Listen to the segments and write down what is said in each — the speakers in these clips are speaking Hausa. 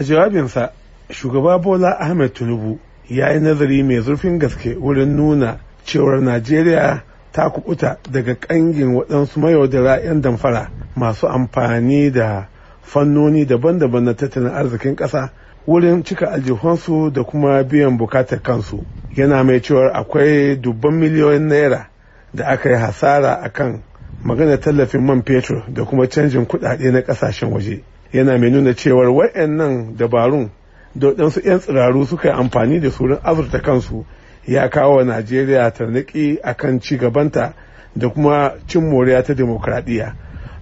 a jawabinsa shugaba bola ahmed tinubu ya yi nazari mai zurfin gaske wurin nuna cewar najeriya ta kubuta daga kangin waɗansu mayaudara 'yan damfara masu amfani da fannoni daban-daban na tattalin arzikin ƙasa wurin cika aljihunsu da kuma biyan bukatar kansu yana mai cewar akwai dubban miliyoyin naira da aka yi hasara a kan magana tallafin man fetur da kuma canjin kuɗaɗe na ƙasashen waje yana mai nuna cewar nan dabarun da su 'yan tsiraru suka yi amfani da surin azurta kansu ya kawo najeriya tarniki a kan gabanta da kuma cin moriya ta demokradiyya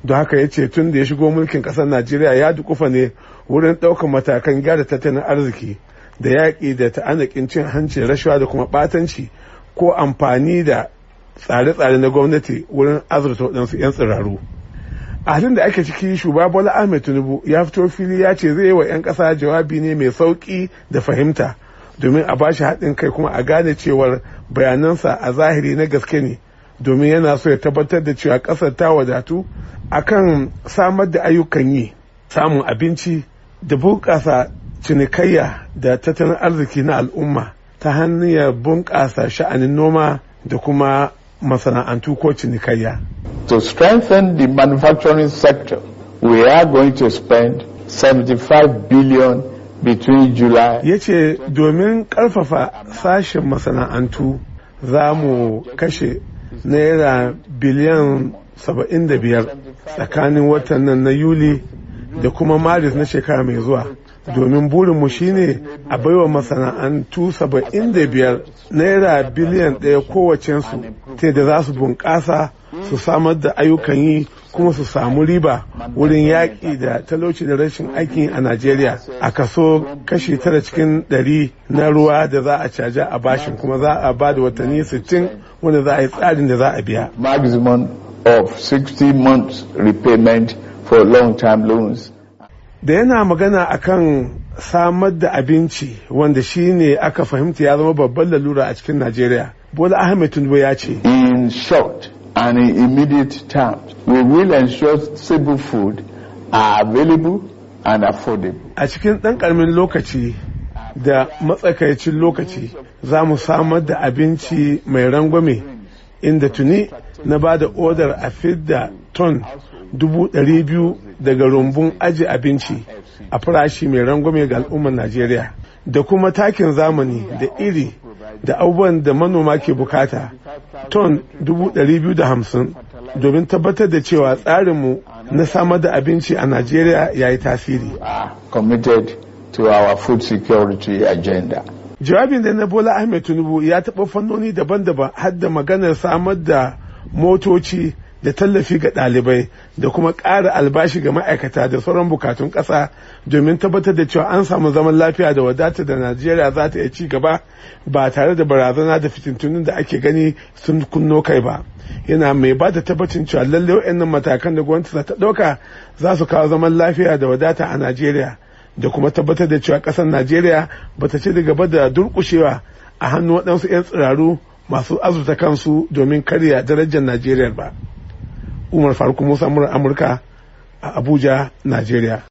don haka ya ce tun da ya shigo mulkin ƙasar najeriya ya dukufa ne wurin ɗaukar matakan gyara tattalin arziki da yaƙi da ta'anakin cin hanci rashawa da kuma ɓatanci ko amfani da tsare-tsare na gwamnati wurin azurta waɗansu 'yan tsiraru a halin da ake ciki shugaba bola ahmed tinubu ya fito fili ya ce zai yi wa 'yan kasa jawabi ne mai sauki da fahimta domin a bashi haɗin kai kuma a gane cewar bayanansa a zahiri na gaske ne domin yana so ya tabbatar da cewa ƙasar ta wadatu a kan samar da ayyukan yi samun abinci da bunƙasa cinikayya da tattalin arziki na al'umma ta hanyar bunƙasa sha'anin noma da kuma masana'antu ko cinikayya to strengthen the manufacturing sector, we are going to spend 75 billion between July. Ya ce domin ƙarfafa sashen masana'antu za mu kashe naira biliyan 75 tsakanin watan nan na Yuli da kuma Maris na shekara mai zuwa. domin burinmu shine a baiwa masana'antu 75 naira biliyan ɗaya kowacensu ta da za su bunƙasa su samar da ayyukan yi kuma su samu riba wurin yaƙi da talauci da rashin aiki a Najeriya a kaso kashi tara cikin ɗari na ruwa da za a caja a bashin kuma za a ba da watanni sittin wanda za a yi tsarin da za a biya. Maximum of 60 months repayment for long term loans. Da yana magana akan samar da abinci wanda shi ne aka fahimta ya zama babban lalura a cikin Najeriya. Bola Ahmed tunubu ya ce. In short, and in immediate terms. We will ensure stable food are available and affordable. A cikin ɗan ƙaramin lokaci da matsakaicin lokaci za mu samar da abinci mai rangwame inda tuni na ba da odar a fidda ton dubu ɗari biyu daga rumbun aji abinci a farashi mai rangwame ga al'ummar Najeriya da kuma takin zamani da iri da abubuwan da manoma ke bukata ton 250 domin tabbatar da cewa tsarinmu na samar da abinci a najeriya ya yi tasiri jawabin da na bola ahmed tinubu ya taɓa fannoni daban-daban har da maganar samar da motoci da tallafi ga ɗalibai da kuma ƙara albashi ga ma'aikata da sauran bukatun ƙasa domin tabbatar da cewa an samu zaman lafiya da wadata da najeriya za ta iya ci gaba ba tare da barazana da fitintunin da ake gani sun kunno kai ba yana mai ba da tabbacin cewa lalle wa'annan matakan da gwamnati za ta ɗauka za su kawo zaman lafiya da wadata a najeriya da kuma tabbatar da cewa ƙasar najeriya ba ta ci da gaba da durƙushewa a hannu waɗansu 'yan tsiraru masu azurta kansu domin karya darajar najeriya ba umar faruk musa amurka a abuja Nigeria.